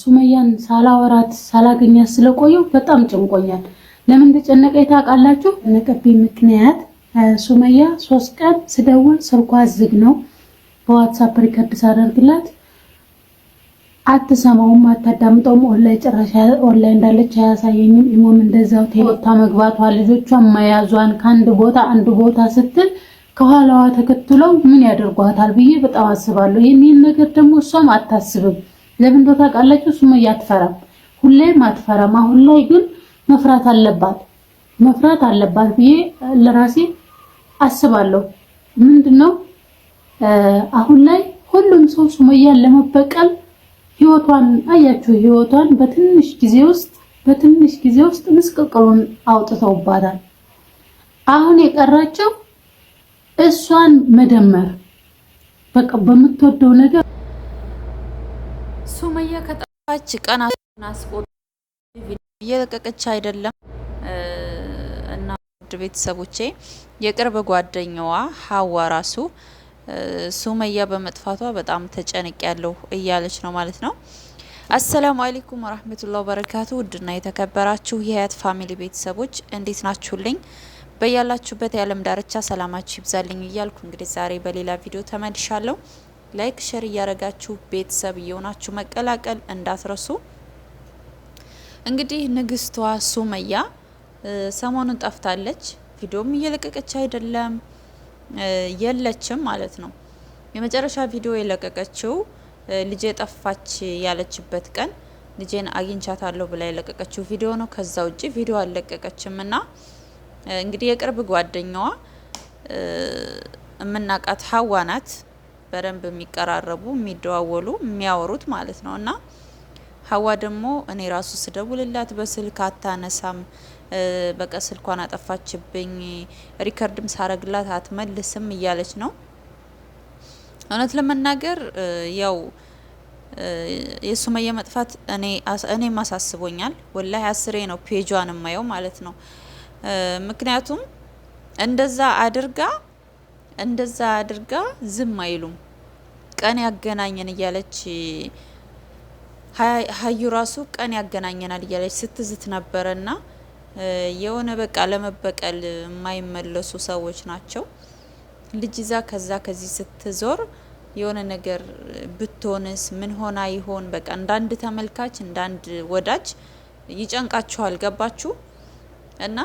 ሱመያን ሳላወራት ሳላገኛት ስለቆየው በጣም ጭንቆኛል። ለምን ተጨነቀ ታውቃላችሁ? ነቀብኝ ምክንያት ሱመያ ሶስት ቀን ስደውል ስልኳ ዝግ ነው። በዋትሳፕ ሪከርድ ሳደርግላት አትሰማውም፣ አታዳምጠውም። ኦንላይን ጭራሽ ኦንላይን እንዳለች አያሳየኝም። ኢሞም እንደዛው ወጥታ መግባቷ ልጆቿ መያዟን ከአንድ ቦታ አንድ ቦታ ስትል ከኋላዋ ተከትለው ምን ያደርጓታል ብዬ በጣም አስባለሁ። ይህን ነገር ደግሞ እሷም አታስብም። ለምን እንደው ታውቃላችሁ? ሱመያ አትፈራም፣ ሁሌም አትፈራም። አሁን ላይ ግን መፍራት አለባት፣ መፍራት አለባት ብዬ ለራሴ አስባለሁ። ምንድነው አሁን ላይ ሁሉም ሰው ሱመያን ለመበቀል ህይወቷን አያችሁ፣ ህይወቷን በትንሽ ጊዜ ውስጥ በትንሽ ጊዜ ውስጥ ምስቅልቅሉን አውጥተውባታል። አሁን የቀራቸው እሷን መደመር በቃ በምትወደው ነገር ሱመያ ከጠፋች ቀናትን አስቆጥ እየለቀቀች አይደለም እና ውድ ቤተሰቦቼ የቅርብ ጓደኛዋ ሀዋ ራሱ ሱመያ በመጥፋቷ በጣም ተጨንቅ ያለው እያለች ነው ማለት ነው። አሰላሙ አሌይኩም ወራህመቱላሂ ወበረካቱ። ውድና የተከበራችሁ የሀያት ፋሚሊ ቤተሰቦች እንዴት ናችሁልኝ? በያላችሁበት የዓለም ዳርቻ ሰላማችሁ ይብዛልኝ እያልኩ እንግዲህ ዛሬ በሌላ ቪዲዮ ተመልሻለሁ። ላይክ፣ ሸር እያደረጋችሁ ቤተሰብ እየሆናችሁ መቀላቀል እንዳትረሱ። እንግዲህ ንግስቷ ሱመያ ሰሞኑን ጠፍታለች። ቪዲዮም እየለቀቀች አይደለም፣ የለችም ማለት ነው። የመጨረሻ ቪዲዮ የለቀቀችው ልጄ ጠፋች ያለችበት ቀን ልጄን አግኝቻታለሁ ብላ የለቀቀችው ቪዲዮ ነው። ከዛ ውጭ ቪዲዮ አልለቀቀችም። እና እንግዲህ የቅርብ ጓደኛዋ የምናውቃት ሀዋ ናት። በደንብ የሚቀራረቡ የሚደዋወሉ የሚያወሩት ማለት ነው። እና ሀዋ ደግሞ እኔ ራሱ ስደውልላት በስልክ አታነሳም፣ በቃ ስልኳን አጠፋችብኝ፣ ሪከርድም ሳረግላት አትመልስም እያለች ነው። እውነት ለመናገር ያው የሱመያ መጥፋት እኔም አሳስቦኛል። ወላሂ አስሬ ነው ፔጇን የማየው ማለት ነው። ምክንያቱም እንደዛ አድርጋ እንደዛ አድርጋ ዝም አይሉም። ቀን ያገናኘን እያለች ሀዩ ራሱ ቀን ያገናኘናል እያለች ስትዝት ና የሆነ በቃ ለመበቀል የማይመለሱ ሰዎች ናቸው። ልጅ ይዛ ከዛ ከዚህ ስትዞር የሆነ ነገር ብትሆንስ ምን ሆና ይሆን? በቃ እንዳንድ ተመልካች እንዳንድ ወዳጅ ይጨንቃችኋል። ገባችሁ? እና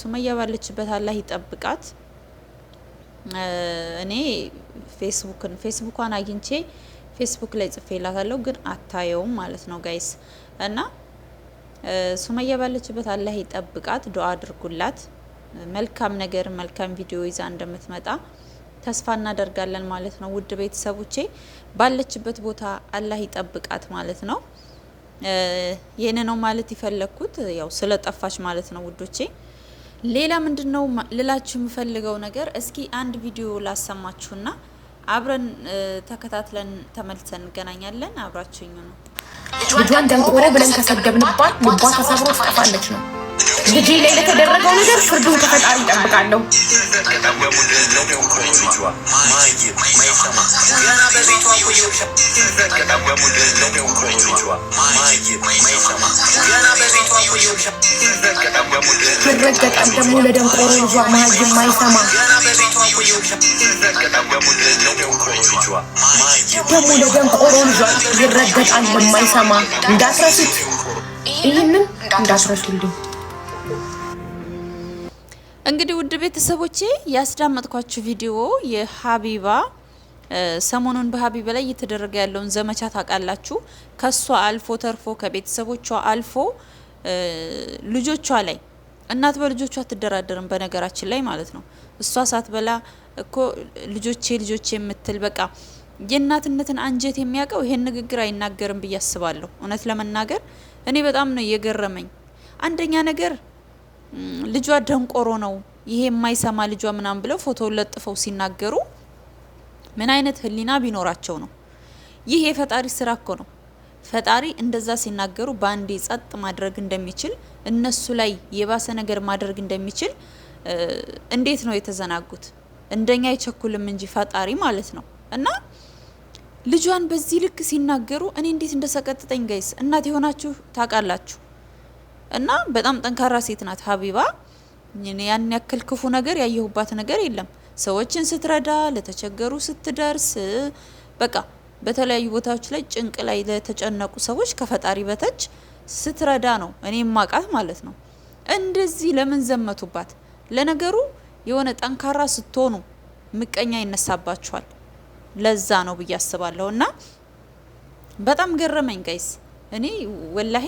ሱመያ ባለችበት አላህ ይጠብቃት። እኔ ፌስቡክን ፌስቡኳን አግኝቼ ፌስቡክ ላይ ጽፌ ላታለሁ፣ ግን አታየውም ማለት ነው ጋይስ። እና ሱመያ ባለችበት አላህ ይጠብቃት፣ ዱአ አድርጉላት። መልካም ነገር መልካም ቪዲዮ ይዛ እንደምትመጣ ተስፋ እናደርጋለን ማለት ነው። ውድ ቤተሰቦቼ ባለችበት ቦታ አላህ ይጠብቃት ማለት ነው። ይህን ነው ማለት የፈለግኩት ያው ስለ ጠፋች ማለት ነው ውዶቼ። ሌላ ምንድን ነው ልላችሁ የምፈልገው ነገር እስኪ አንድ ቪዲዮ ላሰማችሁና አብረን ተከታትለን ተመልሰን እንገናኛለን። አብራችሁኝ ነው። ልጇን ደንቆረ ብለን ከሰደብንባት ልቧ ተሰብሮ ትጠፋለች ነው ልጄ ላይ ለተደረገው ነገር ፍርዱን ከፈጣሪ ይጠብቃለሁ። ይረገጣል ደግሞ ለደንቆሮ ልጇ መሀይም ማይሰማ ደግሞ ለደንቆሮ ልጇ ይረገጣል የማይሰማ እንዳትረሱት፣ ይህንም እንዳትረሱልኝ። እንግዲህ ውድ ቤተሰቦቼ ያስዳመጥኳችሁ ቪዲዮ የሀቢባ ሰሞኑን በሀቢባ ላይ እየተደረገ ያለውን ዘመቻ ታውቃላችሁ። ከሷ አልፎ ተርፎ ከቤተሰቦቿ አልፎ ልጆቿ ላይ እናት በልጆቿ አትደራደርም፣ በነገራችን ላይ ማለት ነው። እሷ ሳትበላ እኮ ልጆቼ ልጆቼ የምትል በቃ የእናትነትን አንጀት የሚያውቀው ይሄን ንግግር አይናገርም ብዬ አስባለሁ። እውነት ለመናገር እኔ በጣም ነው የገረመኝ አንደኛ ነገር ልጇ ደንቆሮ ነው ይሄ የማይሰማ ልጇ ምናምን ብለው ፎቶ ለጥፈው ሲናገሩ ምን አይነት ህሊና ቢኖራቸው ነው? ይህ የፈጣሪ ስራ እኮ ነው። ፈጣሪ እንደዛ ሲናገሩ በአንዴ ጸጥ ማድረግ እንደሚችል እነሱ ላይ የባሰ ነገር ማድረግ እንደሚችል እንዴት ነው የተዘናጉት? እንደኛ አይቸኩልም እንጂ ፈጣሪ ማለት ነው። እና ልጇን በዚህ ልክ ሲናገሩ እኔ እንዴት እንደሰቀጥጠኝ ጋይስ፣ እናት የሆናችሁ ታውቃላችሁ። እና በጣም ጠንካራ ሴት ናት ሀቢባ። ያን ያክል ክፉ ነገር ያየሁባት ነገር የለም። ሰዎችን ስትረዳ፣ ለተቸገሩ ስትደርስ፣ በቃ በተለያዩ ቦታዎች ላይ ጭንቅ ላይ ለተጨነቁ ሰዎች ከፈጣሪ በታች ስትረዳ ነው እኔ ማቃት ማለት ነው። እንደዚህ ለምን ዘመቱባት? ለነገሩ የሆነ ጠንካራ ስትሆኑ ምቀኛ ይነሳባችኋል። ለዛ ነው ብዬ አስባለሁ። እና በጣም ገረመኝ ጋይስ እኔ ወላሄ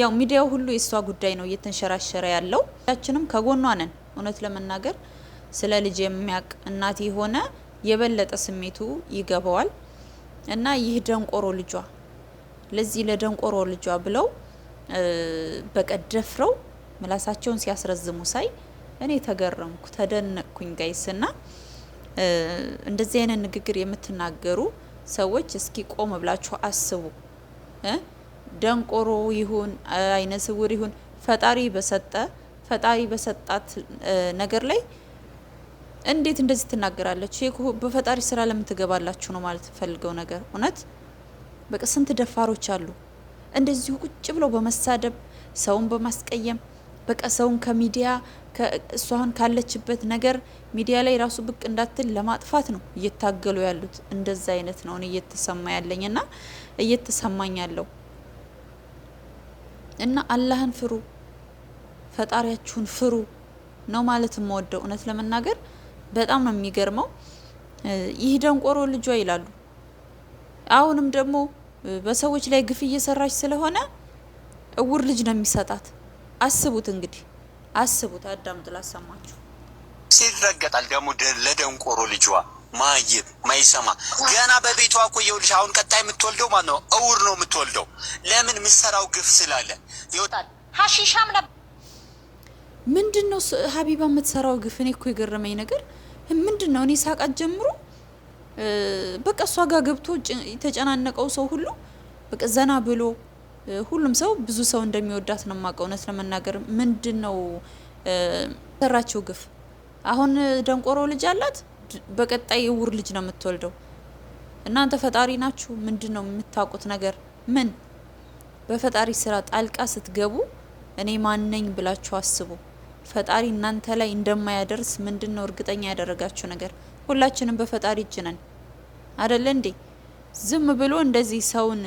ያው ሚዲያው ሁሉ የእሷ ጉዳይ ነው እየተንሸራሸረ ያለው። ያችንም ከጎኗ ነን። እውነት ለመናገር ስለ ልጅ የሚያቅ እናት የሆነ የበለጠ ስሜቱ ይገባዋል። እና ይህ ደንቆሮ ልጇ ለዚህ ለደንቆሮ ልጇ ብለው በቀደፍረው ደፍረው ምላሳቸውን ሲያስረዝሙ ሳይ እኔ ተገረምኩ፣ ተደነቅኩኝ። ጋይስ ና እንደዚህ አይነት ንግግር የምትናገሩ ሰዎች እስኪ ቆም ብላችሁ አስቡ። ደንቆሮ ይሁን አይነ ስውር ይሁን ፈጣሪ በሰጠ ፈጣሪ በሰጣት ነገር ላይ እንዴት እንደዚህ ትናገራለች? በፈጣሪ ስራ ለምን ትገባላችሁ ነው ማለት ፈልገው ነገር እውነት በቃ ስንት ደፋሮች አሉ እንደዚሁ ቁጭ ብለው በመሳደብ ሰውን በማስቀየም በቃ ሰውን ከሚዲያ እሷን ካለችበት ነገር ሚዲያ ላይ ራሱ ብቅ እንዳትል ለማጥፋት ነው እየታገሉ ያሉት። እንደዛ አይነት ነው እየተሰማ ያለኝና እየተሰማኝ ያለው። እና አላህን ፍሩ፣ ፈጣሪያችሁን ፍሩ ነው ማለት የምወደው። እውነት ለመናገር በጣም ነው የሚገርመው። ይህ ደንቆሮ ልጇ ይላሉ። አሁንም ደግሞ በሰዎች ላይ ግፍ እየሰራች ስለሆነ እውር ልጅ ነው የሚሰጣት። አስቡት እንግዲህ አስቡት። አዳምጥ ላሰማችሁ። ሲረገጣል ደግሞ ለደንቆሮ ልጇ ማይብ ማይሰማ ገና በቤቷ እኮ ይኸውልሽ፣ አሁን ቀጣይ የምትወልደው ማለት ነው እውር ነው የምትወልደው። ለምን የምትሰራው ግፍ ስላለ ይወጣል። ሀሺሻም ምንድን ነው ሀቢባ የምትሰራው ግፍ? እኔ እኮ የገረመኝ ነገር ምንድን ነው እኔ ሳቃት ጀምሮ በቃ እሷ ጋር ገብቶ የተጨናነቀው ሰው ሁሉ በቃ ዘና ብሎ ሁሉም ሰው ብዙ ሰው እንደሚወዳት ነው የማውቀው። እውነት ለመናገር ምንድን ነው ሰራችው ግፍ? አሁን ደንቆሮ ልጅ አላት በቀጣይ እውር ልጅ ነው የምትወልደው። እናንተ ፈጣሪ ናችሁ? ምንድን ነው የምታውቁት ነገር? ምን በፈጣሪ ስራ ጣልቃ ስትገቡ እኔ ማነኝ ብላችሁ አስቡ። ፈጣሪ እናንተ ላይ እንደማያደርስ ምንድን ነው እርግጠኛ ያደረጋችሁ ነገር? ሁላችንም በፈጣሪ እጅ ነን አደለ እንዴ? ዝም ብሎ እንደዚህ ሰውን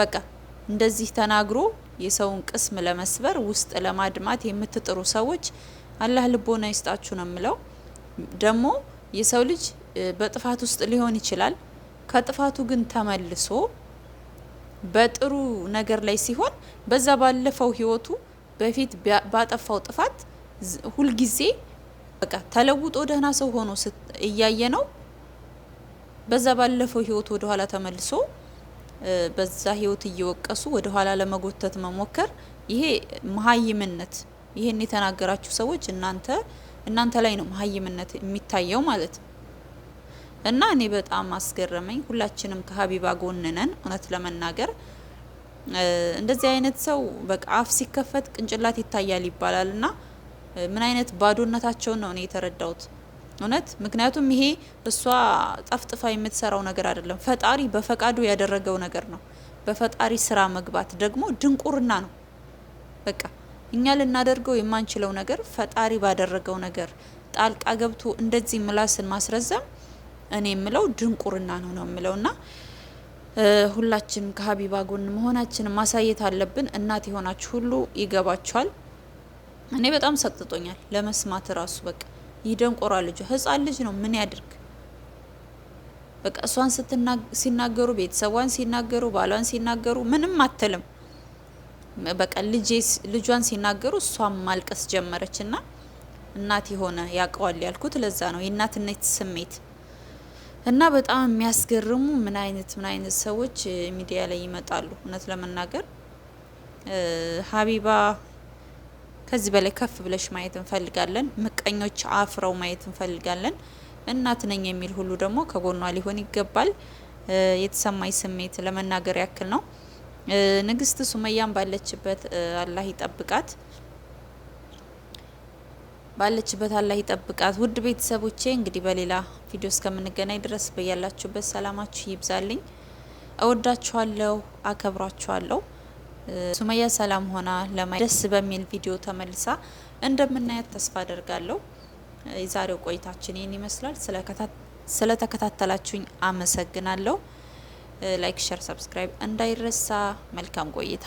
በቃ እንደዚህ ተናግሮ የሰውን ቅስም ለመስበር ውስጥ ለማድማት የምትጥሩ ሰዎች አላህ ልቦና ይስጣችሁ ነው የምለው። ደግሞ የሰው ልጅ በጥፋት ውስጥ ሊሆን ይችላል። ከጥፋቱ ግን ተመልሶ በጥሩ ነገር ላይ ሲሆን በዛ ባለፈው ህይወቱ በፊት ባጠፋው ጥፋት ሁልጊዜ በቃ ተለውጦ ደህና ሰው ሆኖ እያየ ነው። በዛ ባለፈው ህይወቱ ወደ ኋላ ተመልሶ በዛ ህይወት እየወቀሱ ወደ ኋላ ለመጎተት መሞከር ይሄ መሀይምነት። ይሄን የተናገራችሁ ሰዎች እናንተ እናንተ ላይ ነው መሀይምነት የሚታየው ማለት ነው። እና እኔ በጣም አስገረመኝ። ሁላችንም ከሀቢባ ጎንነን እውነት ለመናገር እንደዚህ አይነት ሰው በቃ አፍ ሲከፈት ቅንጭላት ይታያል ይባላል እና ምን አይነት ባዶነታቸውን ነው እኔ የተረዳሁት እውነት። ምክንያቱም ይሄ እሷ ጠፍጥፋ የምትሰራው ነገር አይደለም፣ ፈጣሪ በፈቃዱ ያደረገው ነገር ነው። በፈጣሪ ስራ መግባት ደግሞ ድንቁርና ነው በቃ እኛ ልናደርገው የማንችለው ነገር ፈጣሪ ባደረገው ነገር ጣልቃ ገብቶ እንደዚህ ምላስን ማስረዘም እኔ የምለው ድንቁርና ነው ነው የምለው ና ሁላችንም ከሀቢባ ጎን መሆናችንን ማሳየት አለብን። እናት የሆናችሁ ሁሉ ይገባችኋል። እኔ በጣም ሰቅጥጦኛል ለመስማት ራሱ በቃ ይደንቆራ ልጁ ህፃን ልጅ ነው ምን ያድርግ? በቃ እሷን ሲናገሩ ቤተሰቧን ሲናገሩ ባሏን ሲናገሩ ምንም አትልም። በቃ ልጇን ሲናገሩ እሷም ማልቀስ ጀመረች። ና እናት የሆነ ያውቀዋል ያልኩት ለዛ ነው የእናትነት ስሜት እና በጣም የሚያስገርሙ ምን አይነት ምን አይነት ሰዎች ሚዲያ ላይ ይመጣሉ። እውነት ለመናገር ሀቢባ ከዚህ በላይ ከፍ ብለሽ ማየት እንፈልጋለን። ምቀኞች አፍረው ማየት እንፈልጋለን። እናት ነኝ የሚል ሁሉ ደግሞ ከጎኗ ሊሆን ይገባል። የተሰማኝ ስሜት ለመናገር ያክል ነው። ንግስት ሱመያን ባለችበት አላህ ይጠብቃት፣ ባለችበት አላህ ይጠብቃት። ውድ ቤተሰቦቼ እንግዲህ በሌላ ቪዲዮ እስከምንገናኝ ድረስ በያላችሁበት ሰላማችሁ ይብዛልኝ። እወዳችኋለሁ፣ አከብራችኋለሁ። ሱመያ ሰላም ሆና ለማየት ደስ በሚል ቪዲዮ ተመልሳ እንደምናያት ተስፋ አደርጋለሁ። የዛሬው ቆይታችን ይህን ይመስላል። ስለተከታተላችሁኝ አመሰግናለሁ። ላይክ፣ ሸር፣ ሰብስክራይብ እንዳይረሳ። መልካም ቆይታ